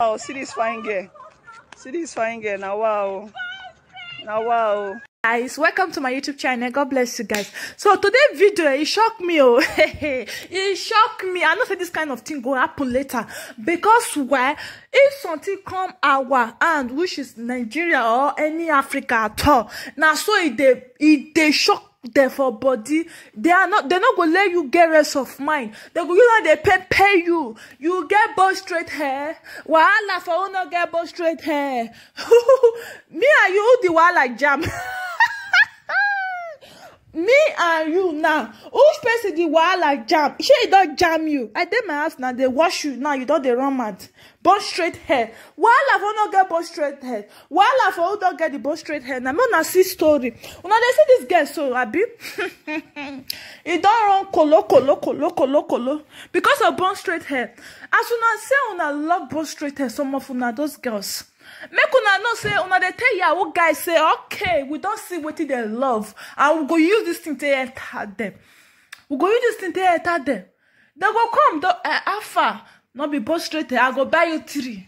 Oh, see this fine girl see this fine girl Now wow Now wow. guys welcome to my youtube channel god bless you guys so today video it shocked me oh it shocked me i know say this kind of thing go happen later because why if something come our hand which is nigeria or any africa at all now so it e they it e they shock dem for body they are not they no go let you get rest of mind they go you know they pay pay you you get bald straight hair wahala for who no get bald straight hair me and you who the wahala jam. me and you now whose person the wahala jam shey e don jam you i dey my house now dey wash you now you don dey run mad born straight hair wahala for no get born straight hair wahala for who don get the born straight hair na me una see story una dey see this girl so abi e don run kolo kolo kolo kolo kolo because of born straight hair as una say una love born straight hair some of una those girls make una know say una dey tell yahoo guys say okay we don see wetin dem love and we go use this thing take enter them. we go use this thing take enter them. They go come don eh, alpha no be bush straight hair i go buy you three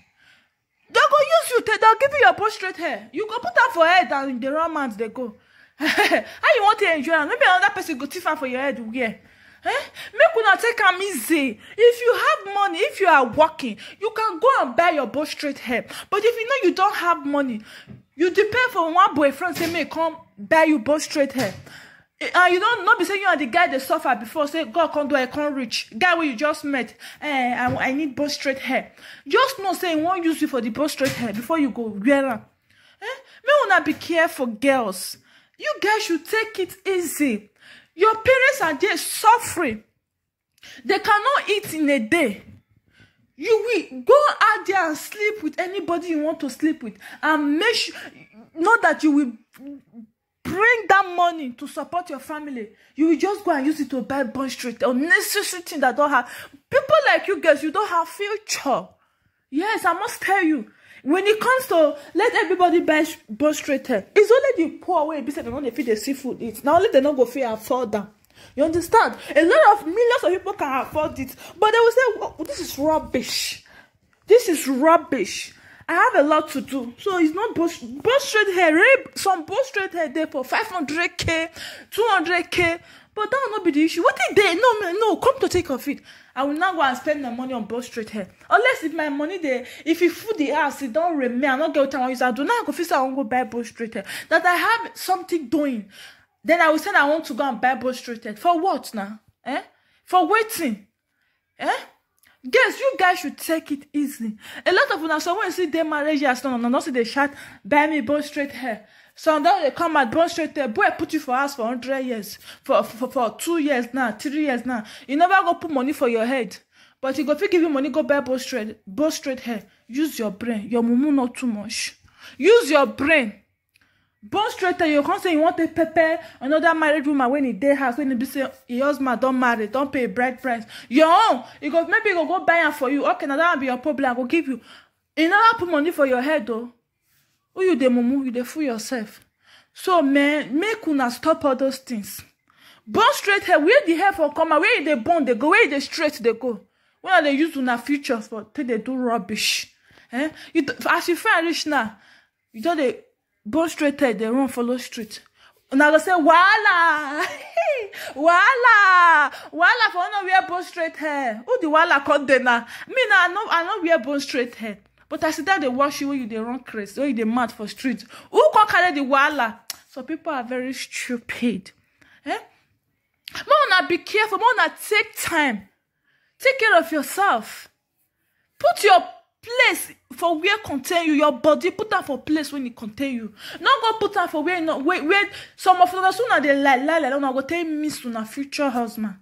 They go use you take dem give you your bush straight hair you go put am for head and the wrong mouth dey go how you wan take enjoy am no be another person go thief am for your head wear eh make una take am easy if you have money if you are working you can go and buy your boat straight hair but if you know you don't have money you depend for one boyfriend say make come buy you both straight hair eh, and you don't not be saying you and the guy dey suffer before say god come do i can't reach guy where you just met eh i i need both straight hair just know saying he use you for the both straight hair before you go wear am eh make una be careful girls you guys should take it easy Your parents are just suffering. They cannot eat in a day. You will go out there and sleep with anybody you want to sleep with and make sure know that you will bring that money to support your family. You will just go and use it to buy bond street or necessary things that don't have people like you guys, you don't have future. Yes, I must tell you when it comes to let everybody buy straight hair, it's only the poor way. be say dem no dey fit dey see eat na only dem no go fit afford am you understand a lot of millions of people can afford it but they will say well, this is rubbish this is rubbish i have a lot to do so it's not both straight hair some both straight hair dey for 500k 200k But that will not be the issue. What if they no no come to take of it? I will now go and spend my money on both straight hair. Unless if my money there, if it food the ass, it don't remain. I not get what I use. I do not go fix I won't go buy both straight hair. That I have something doing. Then I will say I want to go and buy both straight hair. For what now? Eh? For waiting. Eh? Guess you guys should take it easy. A lot of when someone see their marriage as no, no, no, not see they chat, buy me both straight hair. Sometimes they come and straight there. Boy, I put you for us for 100 years, for, for, for two years now, three years now. You never go put money for your head. But you go fit give you money, go buy bow straight, bow straight hair. Use your brain. Your mumu not too much. Use your brain. Bow straight hair, you come say you want to prepare another married woman when he day house, when he be say your husband don't marry, don't pay bride price. Your own. You go maybe you go go buy am for you. Okay, now that be your problem. I go give you. You never put money for your head though who you dey mumu you dey fool yourself so man, make una stop all those things born straight hair where the hair for come where e dey born they go where e dey straight they go when i dey use una features for take they do rubbish eh you as you find rich now you just they born straight hair they run follow street una go say "Wala, wala, wala!" for no wear bone straight hair who the wala called them now? me now, i no i no wear bone straight hair but as you dey watch you wey you dey run craze wey you dey mad for street who come carry the wahala some people are very stupid eh make una be careful make una take time take care of yourself put your place for where contain you your body put am for place wey e contain you no go put am for where e No where where. some of una dey lie lie lie una go take miss una future husband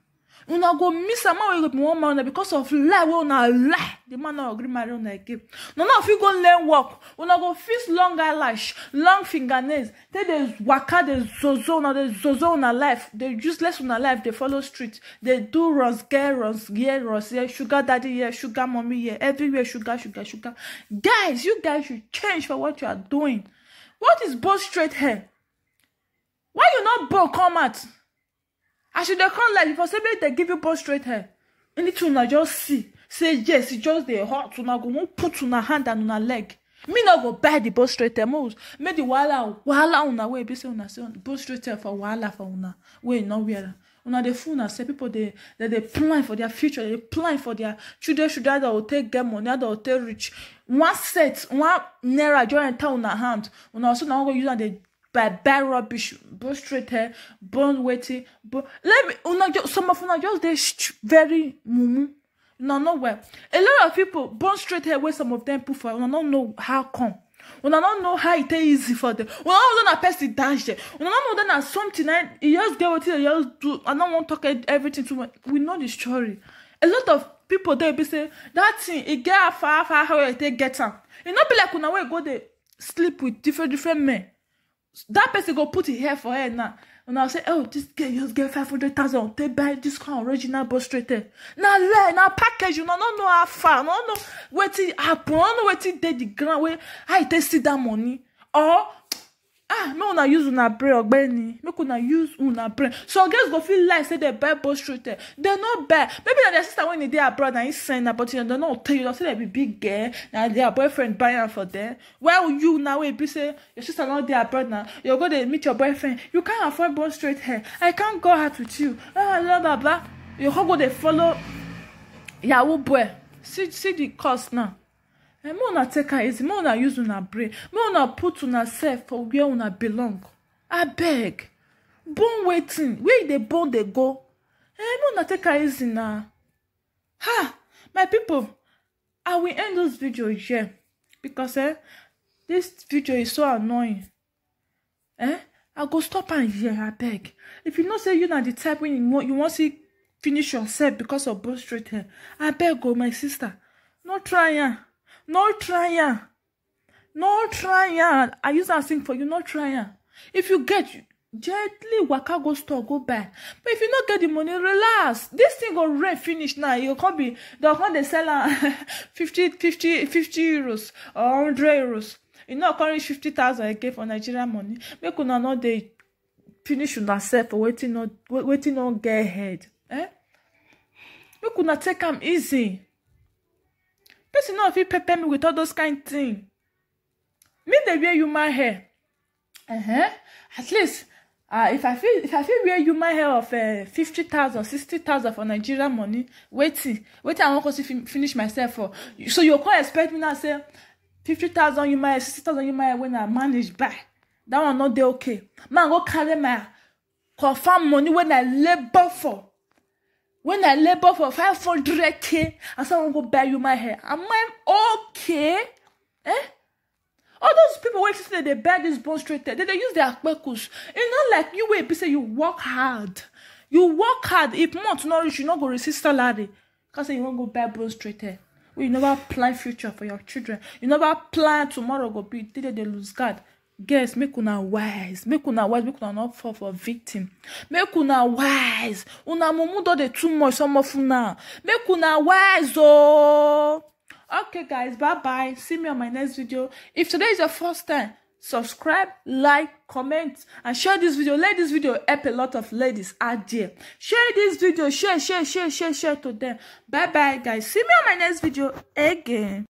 una go miss a man wey go be one man una because of lie wey una lie the man no agree marry una again una no fit go learn work una go fix long eyelash long fingernails take dey waka dey zozo una dey zozo una life dey useless una life dey follow street dey do runs get runs here runs here sugar daddy here sugar mummy here everywhere sugar sugar sugar guys you guys should change for what you are doing what is both straight hair why you no bow come out as you dey come like for say make dem give you both straight hair anything una just see say yes e just dey hot una go wan put una hand and una leg me no go buy the both straight hair most make the wahala wahala una wey be say una say both straight hair for wahala for una wey no wear am una dey fool una say people dey dey dey plan for their future dey plan for their children children that will take get money that will take rich. one set one naira just enter una hand una also na go use am dey bad rubbish but straight hair born waiting but let me una some of them are just very mumu una no well a lot of people born straight hair where some of them put for una don't know how come una don't know how it e is easy for them una don't know that person dash dem una don't know that something na e just get what dem just do i don't want to talk e-, everything too much we know the story a lot of people there be say that thing e get far far how e take get am e not be like una wey go dey sleep with different different men that person go put him hair for her now and i'll say oh this girl just get five hundred thousand take buy this kind of original bus straight there Now lie now package you no no know how far no know wetin happen no know till they the ground wey I you take see that money or ah make una use una brain ogbeni make una use una brain some girls go feel like say dem buy both straight dem no buy maybe na their sister wey dey abroad na he send na but you know dem no tell you say dem be big girl na their boyfriend buy am for dem while you na wey be say your sister no dey abroad na you go dey meet your boyfriend you can't afford both straight hair i can't go out with you ah blah blah blah you go go dey follow yahoo boy see see the cost now. And eh, more una take her easy, more una use una brain, more una put una self for where una belong. I beg. Born waiting. Where they born they go. And eh, more una take her easy now. Ha! My people, I will end this video here. Because eh, this video is so annoying. Eh? I go stop am here, I beg. If you know say you're not the type when you want you want see finish yourself because of both straight I beg go, oh, my sister. No try am. Eh? no trying no trying i use that thing for you no trying if you get gently waka go store go buy but if you not get the money relax this thing go rain finish now You can't be the one they sell am fifty fifty fifty euros or hundred euros You know, come reach fifty thousand again for nigeria money make una no they finish una sef for waiting, no waiting, no get head eh make not take them easy person no fit pepper me with all those kind thing me they wear human hair uh -huh. at least uh, if i feel if i feel wear human hair of uh, fifty thousand sixty thousand for nigeria money waiting, waiting, i want to finish myself for so you can't expect me now say fifty thousand human hair sixty thousand human hair when I manage buy that one not dey okay man go carry my confam money when i labour for when I labor for 500k and someone go buy you my hair, am I okay? Eh? All those people waiting say they buy this bone straight there, they, they use their kpekus. It's not like you wait, say you work hard. You work hard. If not not reach, you not go resist a salary. Cause you won't go buy bone straight there. you never plan future for your children. You never plan tomorrow go be. Today they lose God girls make una wise make una wise make una not fall for victim make una wise una mumu don dey too much some of una make una wise ooo. Oh. okay guys bye bye see me on my next video if today is your first time subscribe like comment and share this video let this video help a lot of ladies out there share this video share share share share share to them bye bye guys see me on my next video again.